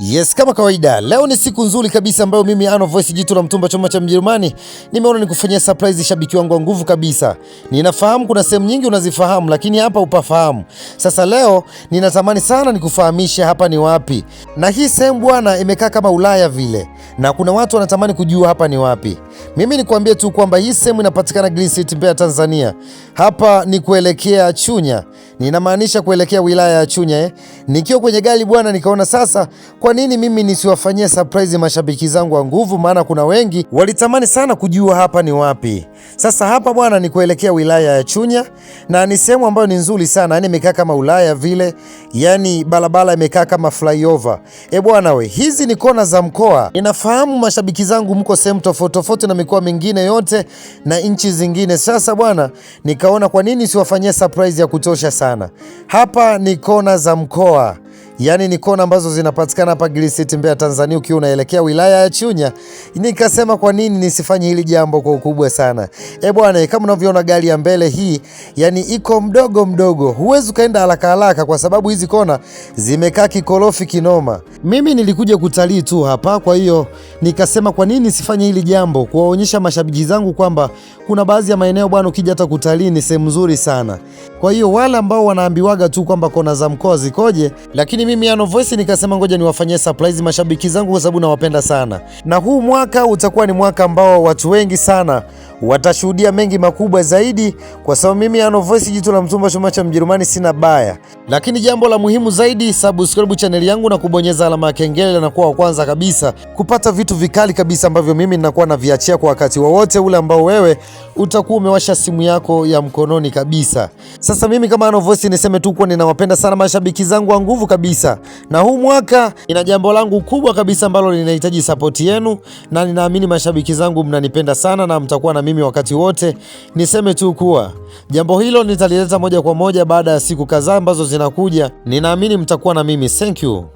Yes, kama kawaida leo ni siku nzuri kabisa ambayo mimi Ano Voice jitu la mtumba choma cha Mjerumani nimeona nikufanyia surprise shabiki wangu wa nguvu kabisa. Ninafahamu kuna sehemu nyingi unazifahamu, lakini hapa upafahamu. Sasa leo ninatamani sana nikufahamishe hapa ni wapi, na hii sehemu bwana imekaa kama Ulaya vile, na kuna watu wanatamani kujua hapa ni wapi. Mimi nikuambie tu kwamba hii sehemu inapatikana Green City, Mbeya, Tanzania. Hapa ni kuelekea Chunya ninamaanisha kuelekea wilaya ya Chunya eh. Nikiwa kwenye gari bwana, nikaona sasa, kwa nini mimi nisiwafanyie surprise mashabiki zangu wa nguvu, maana kuna wengi walitamani sana kujua hapa ni wapi. Sasa hapa bwana, ni kuelekea wilaya ya Chunya na ni sehemu ambayo ni nzuri sana, yani imekaa kama Ulaya vile, yani barabara imekaa kama flyover. Eh bwana we, hizi ni kona za mkoa. Inafahamu mashabiki zangu mko sehemu tofauti tofauti na mikoa mingine yote na nchi zingine. Sasa bwana, nikaona kwa nini siwafanyie surprise ya kutosha sana sana. Hapa ni kona za mkoa, yaani ni kona ambazo zinapatikana hapa Gilisiti, Mbeya, Tanzania, ukiwa unaelekea wilaya ya Chunya. Nikasema kwa nini nisifanye hili jambo kwa ukubwa sana? E bwana, kama unavyoona gari ya mbele hii, yani iko mdogo mdogo, huwezi ukaenda haraka haraka kwa sababu hizi kona zimekaa kikorofi kinoma. Mimi nilikuja kutalii tu hapa, kwa hiyo nikasema kwa nini sifanye hili jambo, kuwaonyesha mashabiki zangu kwamba kuna baadhi ya maeneo bwana, ukija hata kutalii ni sehemu nzuri sana. Kwa hiyo wale ambao wanaambiwaga tu kwamba kona za mkoa zikoje, lakini mimi Yano Voice nikasema ngoja niwafanyie surprise mashabiki zangu, kwa sababu nawapenda sana, na huu mwaka utakuwa ni mwaka ambao watu wengi sana watashuhudia mengi makubwa zaidi, kwa sababu mimi ana Voice jitu la mtumba chuma cha Mjerumani sina baya. Lakini jambo la muhimu zaidi, subscribe channel yangu na kubonyeza alama ya kengele na kuwa wa kwanza kabisa kupata vitu vikali kabisa ambavyo mimi ninakuwa naviachia kwa wakati wowote ule ambao wewe utakuwa umewasha simu yako ya mkononi kabisa. Sasa mimi kama ana Voice niseme tu kwa ninawapenda sana mashabiki zangu wa nguvu kabisa, na huu mwaka ina jambo langu kubwa kabisa ambalo linahitaji support yenu, na ninaamini mashabiki zangu mnanipenda sana na mtakuwa na mimi wakati wote, niseme tu kuwa jambo hilo nitalileta moja kwa moja baada ya siku kadhaa ambazo zinakuja. Ninaamini mtakuwa na mimi. Thank you.